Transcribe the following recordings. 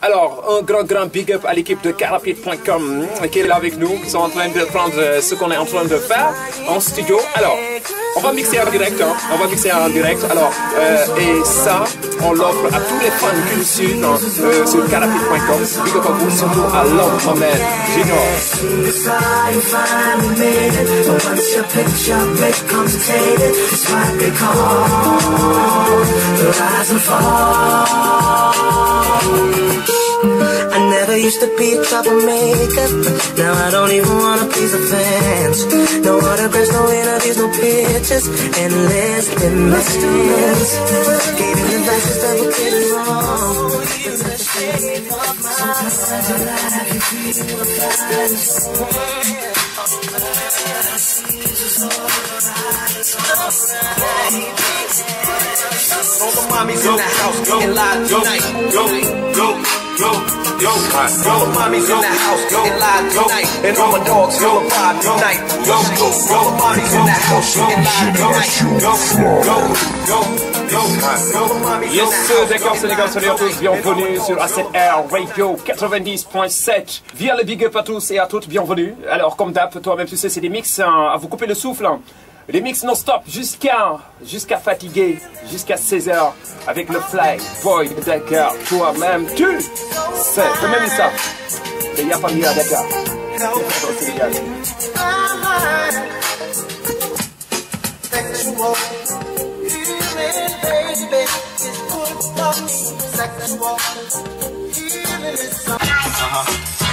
Alors, un grand, grand big up à l'équipe de carapit.com qui est là avec nous, qui sont en train de prendre ce qu'on est en train de faire en studio. Alors, on va mixer en direct, on va mixer en direct. Alors, et ça, on l'offre à tous les fans du Sud sur carapit.com. Big up à vous, surtout à l'homme, ma I never used to be a troublemaker Now I don't even wanna please the fans No autographs, no interviews, no pictures Endless demands Gave him advice that were getting wrong Sometimes in life you feel All in the house getting tonight. All in the house getting tonight. And all my dogs tonight. All in the house getting tonight. Yes, d'accord, Sénégal, soyez à bienvenue sur 7R Radio 90.7 via le big up à tous et à toutes, bienvenue. Alors comme d'hab, toi-même tu sais, c'est des mix hein, à vous couper le souffle. Hein. Les mix non-stop jusqu'à jusqu'à fatiguer, jusqu'à 16h avec le fly boy de Toi-même tu sais, c'est même ça. il a pas mieux à Dakar. sexual. Healing is something. Uh-huh.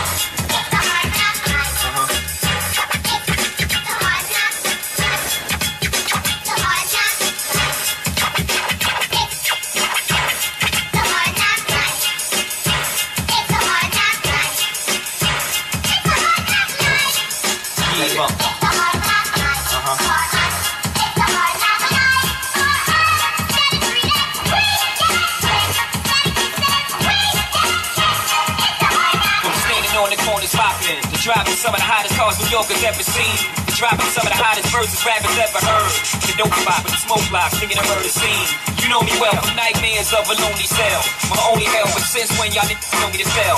Dropping some of the hottest cars New Yorkers ever seen. Dropping some of the hottest verses rappers ever heard. The dope pop with the smoke block, singing heard murder scene. You know me well from nightmares of a lonely cell. My only hell, but since when y'all didn't know me to fail?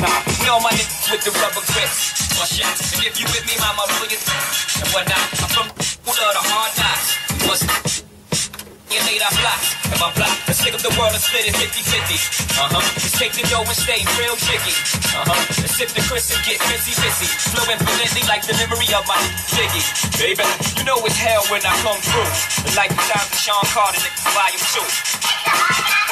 Nah, we all my niggas with the rubber grips. My shot, and if you with me, my mother, and whatnot. I'm from the hard knocks. What's and laid our black, And my block, let's stick up the world and split it 50-50. Uh-huh. Just take the dough and stay real jiggy. Uh-huh. Let's sip the crisp and get fizzy busy. Flowing fluently like the memory of my jiggy. Baby, you know it's hell when I come through. And like the times of Sean Carter, niggas volume 2.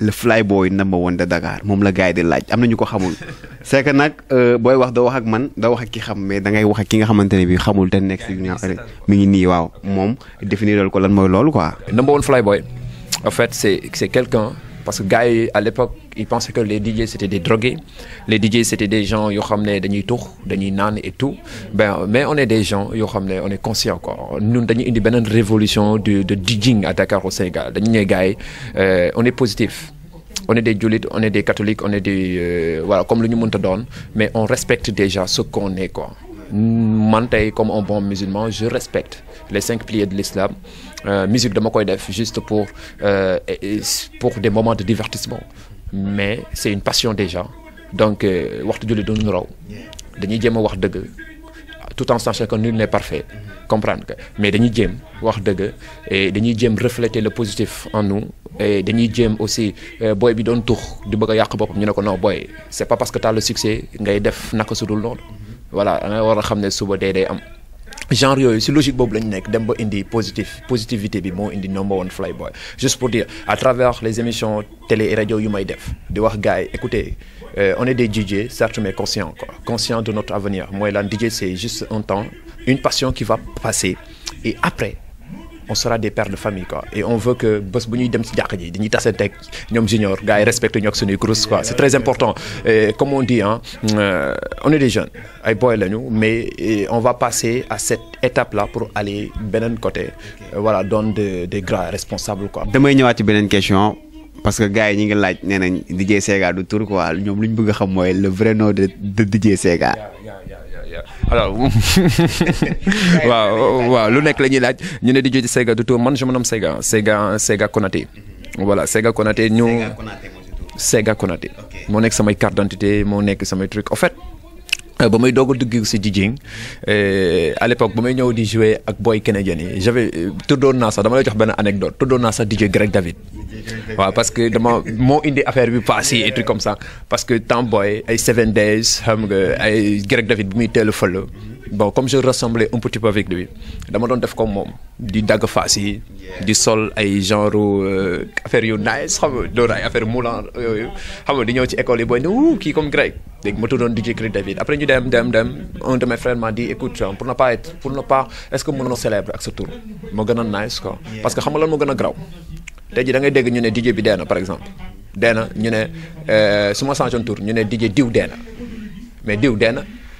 le fly boy number one de Dakar mom la gars di laaj amna ñu ko xamul c'est que nak euh, boy wax da wax ak man da wax ak ki xam mais da ngay wax ak ki nga bi xamul te nekk mi ngi ko number fly en fait c'est quelqu'un parce que gars à l'époque ils pensaient que les DJ c'était des drogués, les DJ c'était des gens qui ramenaient des des nan et tout. Ben, mais on est des gens on est conscients quoi. Nous avons une révolution de, de DJing à Dakar au Sénégal. Euh, on est positif. On est des djoulites, on est des catholiques, on est des euh, voilà comme le New donne, mais on respecte déjà ce qu'on est quoi. comme un bon musulman, je respecte les cinq piliers de l'islam. Euh, musique de Mokoïdef, juste pour, euh, pour des moments de divertissement mais c'est une passion déjà donc euh, waxtu julli duñu raw dañuy nous tout en sachant que nul n'est parfait mm-hmm. comprendre que mais dañuy et refléter le positif en nous et dañuy jéem aussi euh, boy bi tour. di bëgg c'est pas parce que as le succès ngay def naka sudul mm-hmm. voilà on genre yooyu si logique boobu la dem ba indi positif positivité bi moo indi number one fly juste pour dire à travers les émissions télé et radio yu may def di wax gars écoutez euh, on est des DJ certes mais conscients encore. conscients de notre avenir Moi, lan DJ c'est juste un temps une passion qui va passer et après on sera des pères de famille quoi et on veut que boss bu ñuy dem ci jàkk ji qui tasante ak junior gars yi respecté ñoo quoi c'est très important et comme on dit hein euh, on est des jeunes ay boy lañu mais on va passer à cette étape là pour aller l'autre côté euh, voilà donc des grands responsables quoi. damay ñëwaat ci une question. parce que gars yi ñi ngi laaj nee nañ DJ Sega du tour quoi ñom luñu bëgg xam le vrai nom de de DJ Sega. alors waaw waaw lu nekk la ñuy laaj ñu ne di joti Sega du tout man je me nomme Sega Sega Sega Konaté voilà Sega Konaté ñu Sega Konaté moo nekk samay carte moo nekk samay truc en Euh, ba may doog a dugg si DJing euh, à l'époque ba may ñëw di jouer ak boy canadien yi j'avais euh, tuddoon naa sax dama lay jox benn anecdote tuddoon naa sax DJ Greg David waaw parce que dama moo indi affaire bi passé et trucs comme ça parce que temps boy ay 7 days xam nga ay Greg David bu muy teel a fël bon comme je ressemblais un petit peu avec lui dama suis def comme mom di dag face di sol ay genre euh, affaire nice affaire moulant di ci comme grec ma DJ David après ñu dem dem dem un de mes frères m'a dit écoute euh, pour ne pas être pour ne pas est-ce que nom célèbre ce tour nice parce que DJ bi par exemple ñu euh, tour ñu DJ mais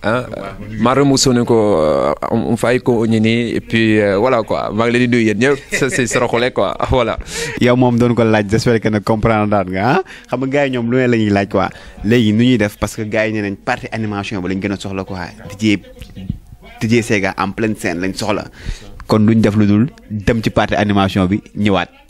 ah hein? Mara Moussou ko euh, on fay ko ñini et puis euh, voilà quoi maa ngi leen di nuyu yéen ñëpp c'est Saraxule quoi voilà. yow moom doon ko laaj j'espère que ne comprendre daal nga ah xam nga gars yi ñoom lu ne la laaj quoi léegi nu ñuy def parce que gars yi nee nañ partie animation ba lañ gën a soxla quoi DJ DJ Sega en pleine scène lañ soxla kon luñ def lu dul dem ci partie animation bi ñëwaat.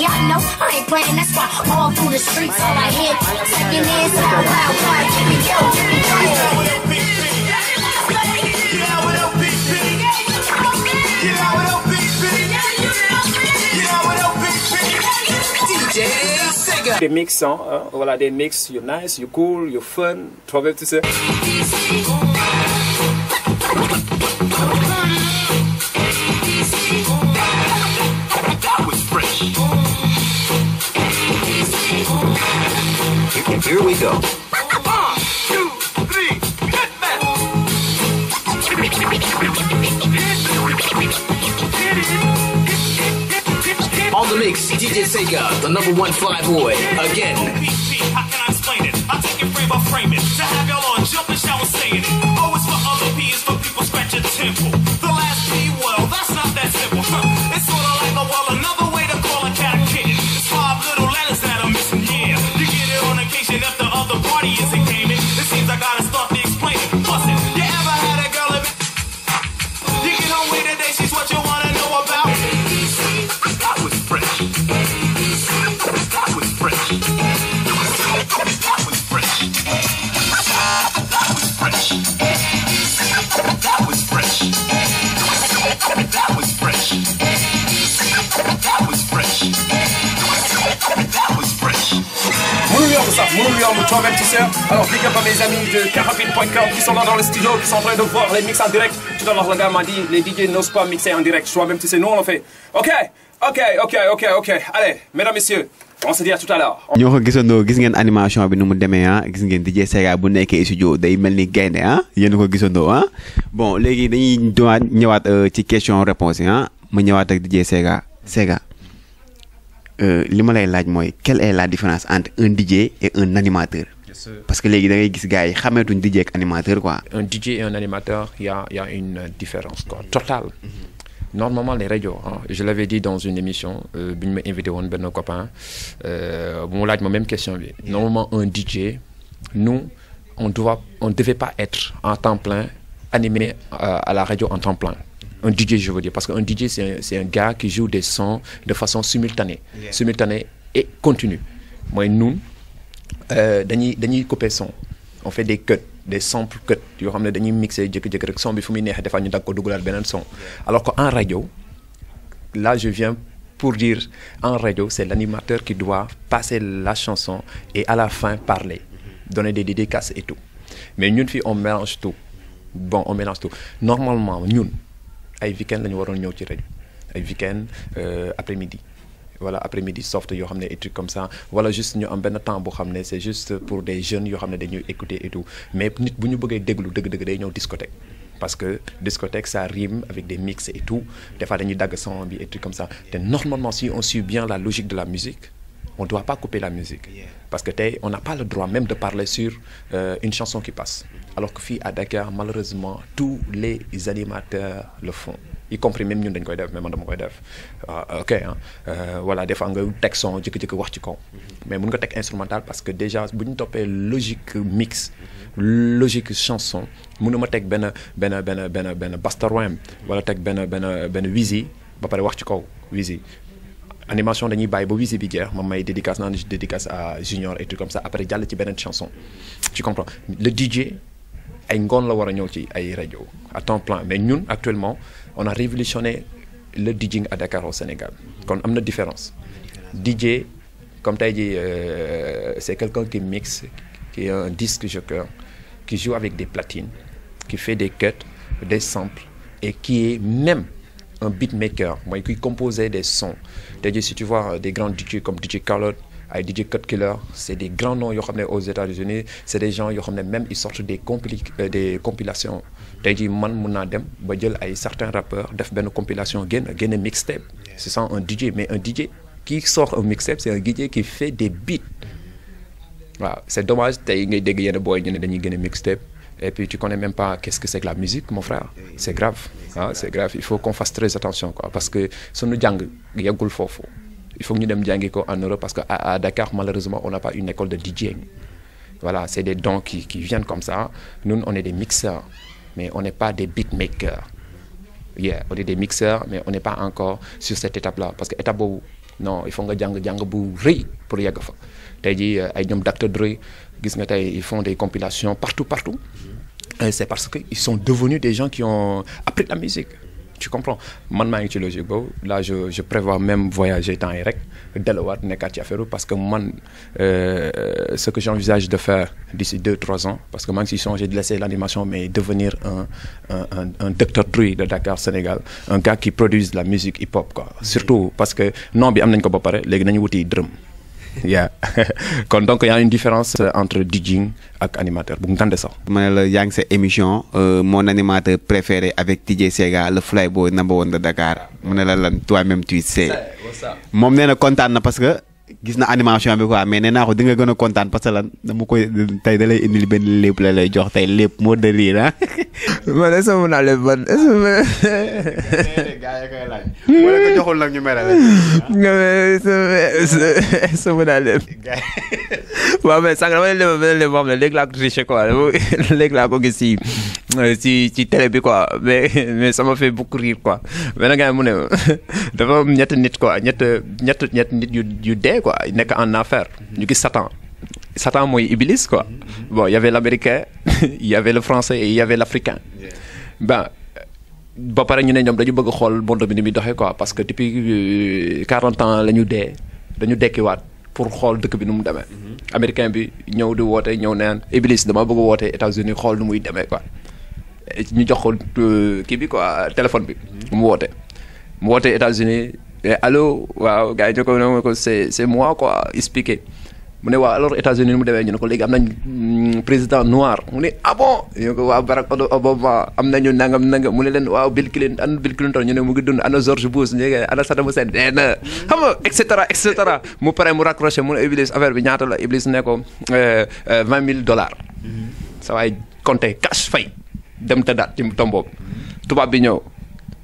Yeah, I know, I ain't playing, that's why all through the streets, all I hear, second is how mix, huh? hein, uh, voilà they mix, you're nice, you're cool, you're fun, tu vois, tu Here we go. One, two, three, hit man. On the mix, DJ Sega, the number one fly boy, again. How can I explain it? I'll take it frame by frame it. To have y'all on saying it. toi-même tu Alors big up à mes amis de carapine.com qui sont là dans le studio, qui sont en train de voir les mix en direct. Tout à l'heure, le gars m'a dit, les DJ n'osent pas mixer en direct. Je Toi-même tu sais, nous on le fait. Ok ok ok ok ok allez mesdames messieurs on se dit à tout à l'heure Ñu ko gisandoo giss ngeen animation bi nu mu démé ah giss ngeen DJ Sega bu nekkee studio day melni gayné gaynde ah ko gisandoo ah bon légui dañuy dowaat ñëwaat euh, ci question réponse yi ah. ma ñëwaat ak DJ Sega Sega euh ma lay laaj moy quelle est la différence entre un DJ et un animateur Parce que les gars, gaay un DJ et animateur quoi. Un DJ et un animateur, il y a, y a, une différence quoi, totale. Mm-hmm normalement les radios, hein. je l'avais dit dans une émission je euh, invité un un copain copains, euh, la même question lui. normalement un DJ nous on ne devait pas être en temps plein animé euh, à la radio en temps plein un DJ je veux dire parce qu'un DJ c'est un gars qui joue des sons de façon simultanée simultanée et continue Moi, nous, on fait des cuts des samples que tu xam ne dañuy mixé que tu rek son bi fu muy neexee ñu dagg son alors qu'en radio là je viens pour dire en radio c'est l'animateur qui doit passer la chanson et à la fin parler mm-hmm. donner des dédicaces et tout mais nous on mélange tout bon on mélange tout normalement ñun ay week-end la ñu waroon ñëw ci radio, ay week-end euh, après midi voilà après midi soft yo y et trucs comme ça Voilà, juste ñu am ben temps c'est juste pour des jeunes yo xamné dañuy écouter et tout mais nit buñu ñu déglu deug deug day discothèque. parce que discothèque ça rime avec des mix et tout des fois dañuy dagg son bi et trucs comme ça normalement si on suit bien la logique de la musique. on ne doit pas couper la musique. Parce que on n'a pas le droit même de parler sur euh, une chanson qui passe. Alors que à Dakar, malheureusement, tous les animateurs le font y compris même ñun dañ koy def mais man dama koy def ah, ok hein. euh, voilà des fois nga teg son jëkk-jëkk wax ci kaw mais mun nga teg instrumental parce que déjà bu ñu toppee logique mix logique chanson mun na ma teg benn benn benn benn benn bastaroem wala teg benn benn benn wisi ba pare wax ci kaw wisi animation dañuy bàyyi ba wisi bi jeex ma may dédicace naan dédicace à junior et tout comme ça après jàll ci beneen chanson tu comprends le DJ ay la wara à temps plein mais ñun actuellement on a révolutionné le DJing à Dakar au Sénégal kon amna différence DJ comme tu as dit c'est quelqu'un qui mixe qui est un disque jockey qui joue avec des platines qui fait des cuts des samples et qui est même un beatmaker qui qui des sons à si tu vois euh, des grands DJ comme DJ Khaled ay DJ Cut Killer c'est des grands noms aux États-Unis c'est des gens yo xamné même ils sortent des euh, des compilations tey jii man mun naa dem ba jël ay certains rappeurs def ben compilation génn génne mixtape ce sont un DJ mais un DJ qui sort un mixtape c'est un DJ qui fait des beats c'est c'est dommage tay ngay dégg yene boy ñu dañuy mixtape et puis tu connais même pas qu'est-ce que c'est que la musique mon frère c'est grave hein, c'est grave il faut qu'on fasse très attention quoi parce que suñu jang yeggul fofu il faut que nous dire en Europe parce qu'à Dakar malheureusement on n'a pas une école de DJing voilà c'est des dons qui viennent comme ça nous on est des mixeurs mais on n'est pas des beatmakers yeah on est des mixeurs mais on n'est pas encore sur cette étape là parce que étape où non il faut nga pour fa euh, ay ils font des compilations partout partout c'est parce qu'ils sont devenus des gens qui ont appris la musique tu comprends man ci logique là je prévois même voyager dans l'Irak, Delaware, delluwaat parce que man euh, ce que j'envisage de faire d'ici 2-3 ans parce que si si songe de laisser l'animation mais devenir un un un docteur truie de Dakar Sénégal un gars qui produise de la musique hip hop quoi surtout parce que non bi am nañ ko ba pare légui nañ wuti drum yeah. kon y a une différence euh, entre DJing et animateur bu ça. sax. ça la Yang sa émission euh, mon animateur préféré avec DJ Sega le flyboy number one de Dakar toi même tu sais je suis content parce que. gis na animation bi quoi mais nee naa ko gën a kontaan parce que lan dama koy tey da lay indil benn lépp la lay jox tey lépp moo de rire ah. man est-ce mun naa lépp man est-ce nag ñu mere la. mun naa lépp. waaw mais sànq dama le le le ne léegi laa ko quoi léegi laa ko gis si si ci télé quoi mais mais ça m'a fait beaucoup rire quoi mais gars mu ne dafa am ñett nit quoi ñett ñett ñett nit yu yu dé quoi nekk en affaire du gis satan satan mooy iblis quoi mm-hmm. bon il y avait l'américain il y avait le français et il y avait l'africain ben ba pare ñu ne ñom dañu bëgg xool monde bi ni mi doxee quoi parce que depuis euh, quarante ans lañu dé dañu dañu waat pour xool dëkk bi nu mu demee. américain bi ñëw di woote ñëw naan Iblis dama bëgg a woote États-Unis xool nu muy demee ko ñu jox ko euh, kii bi quoi téléphone bi. Mm-hmm. mu woote mu woote États-Unis allo waaw gaa yi ñu ko ne ko c'est c'est moi quoi expliquer. mu ne waaw alors États-Unis mu demee ñu ne ko léegi am nañ mm, président noir mu ne ah bon ñu ne ko waaw Barack Obama am nañu nangam nangam mu ne leen waaw Bill Clinton ana ñu ne mu ngi dund ana George Bush ñu ne ana Saddam Hussein na xam nga mu pare mu raccroché mu ne Iblis affaire bi ñaata la Iblis ne ko euh, euh, vingt mille dollars mm-hmm. sa waay compté cash fay dem te daat ci tomboom mm-hmm. tubaab bi ñëw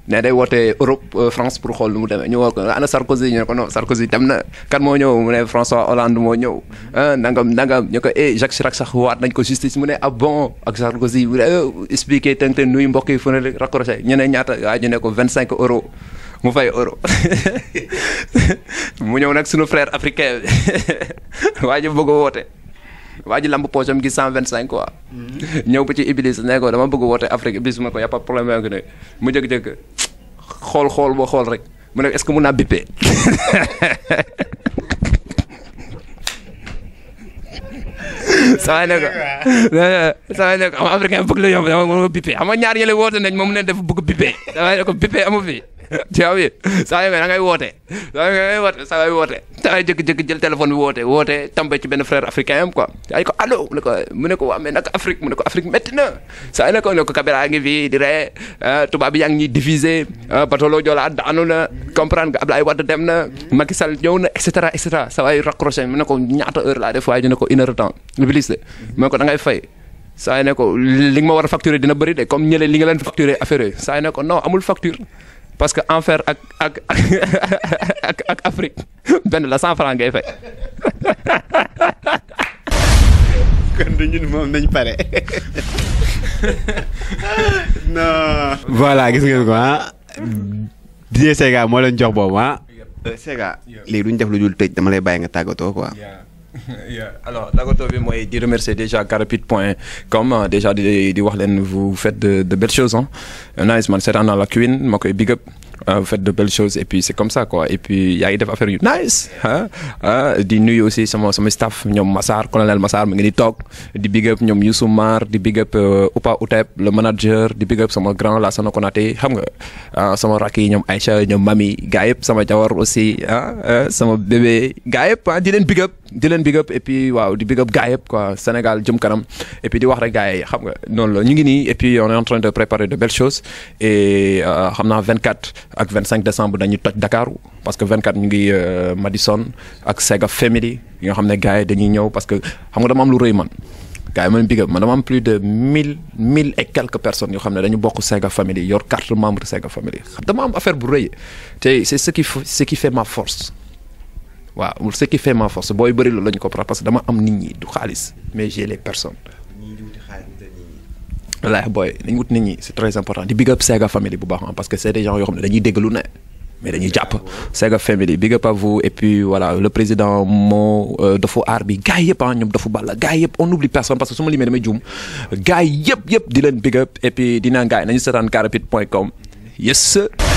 ne day woote Europe euh, France pour xool nu mu demee ñu woo ko ana Sarkozy ñu ne ko non Sarkozy dem na kan moo ñëw mu ne François Hollande moo ñëw mm-hmm. ah, nangam nangam ñu ko eh Jacques Chirac waat nañ ko justice mu ne ah bon ak Sarkozy mu ne eh, expliqué tënk te mbokk yi fu ne raccroché ñu ne ñaata waaye ñu ne ko vingt cinq euros mu fay euro mu ñëw nag sunu frère africain bi waa ji bëgg woote waa ji lamb poche am gis cent vingt cinq quoi. Mm-hmm. ñëw ba ci Iblis ne ko dama bëgg woote Afrique Iblis ma ko y a pas problème yaa ngi ne mu jëkk-jëkk xool xool boo xool rek mu ne est-ce que mun naa bippé. sawaay ne ko sawaay ne ko am africain bëgg la yomb dama bëgg bippé xam nga ñaar ñële woote nañ moom ne dafa bëgg bippé sawaay ne ko bippé amu fi. yaa ngi saa yoo xam ne ngay woote saa woote saa yoo woote saa yoo jël téléphone woote woote tamba ci benn frère africain am quoi ay ko allo mu ne ko mu ne ko waa mais nag na saa yoo ne ko caméra ngi fii di ree ah, tubaab bi yaa ngi ñuy diffuser ah, Batolo Joola daanu na comprendre nga Ablaye Wade dem na Macky Sall ñëw na et cetera et cetera saa yu raccroché mu ne ñaata heure laa def waaye ñu ne ko une heure temps de mu ne ko da ngay fay. saa yi ne ko ma war a facturer dina bëri de comme ñële li nga leen facturer affaire yooyu saa yi ne ko non amul facture parce que en ak ak ak ak Afrique ben la 100 francs ngay fay. kon du ñun moom nañ pare. non. voilà gis ngeen ko ah. DJ Sega moo leen jox boobu ah. Euh, Sega léegi duñ def lu dul tëj dama lay bàyyi nga tagato quoi. Yeah. alors d'abord, je moi di remercier déjà carapide.com euh, déjà di di wax vous faites de de belles choses Hein. Euh, nice man C'est dans la cuisine. ma big up euh, vous faites de belles choses et puis c'est comme ça quoi et puis il y a faire affaires. nice Hein? di nuyu aussi sama sama staff ñoom Massar colonel Massar nous ngi di toog di big up ñoom Youssou Mar di big up Opa Outep le manager di big up sama grand Lassana Konaté xam nga sama raki yi ñoom Aïcha ñoom Mami Gaïp, yëpp sama jawar aussi ah sama bébé gaa ah di leen big up. Dylan Bigup big up et puis waaw di big up quoi Sénégal Jim kanam et puis di wax rek non xam et puis on est en train de préparer de belles choses et euh, xam le 24 ak 25 décembre dañuy toj Dakar parce que 24 ñu ngi euh, Madison avec Sega Family yi nous sommes ne parce que xam nga dama am lu rëy man. gars big up man plus de 1000 1000 et quelques personnes nous sommes ne dañu beaucoup Sega Family yor carte membre Sega Family dama am affaire bu c'est ce qui ce qui fait ma force waaw ce qui fait ma force booy bëri loolu la ñu ko parce que dama am nit ñi du xaalis mais j'ai les personnes. wallaahi boy nañu wut nit ñi c'est très important di big up Sega family bu baax ah, parce que c'est des gens yoo xam ne dañuy dégg lu ne mais dañuy jàpp ah, Sega family big up à vous et puis voilà le président moo euh, Dofu aar bi gars yëpp ah ñoom Balla gars yëpp on oublie personne parce que su ma limee damay juum gars yëpp yëpp di leen big up et puis dinaa gars yi nañu seetaan carrapide point com yes.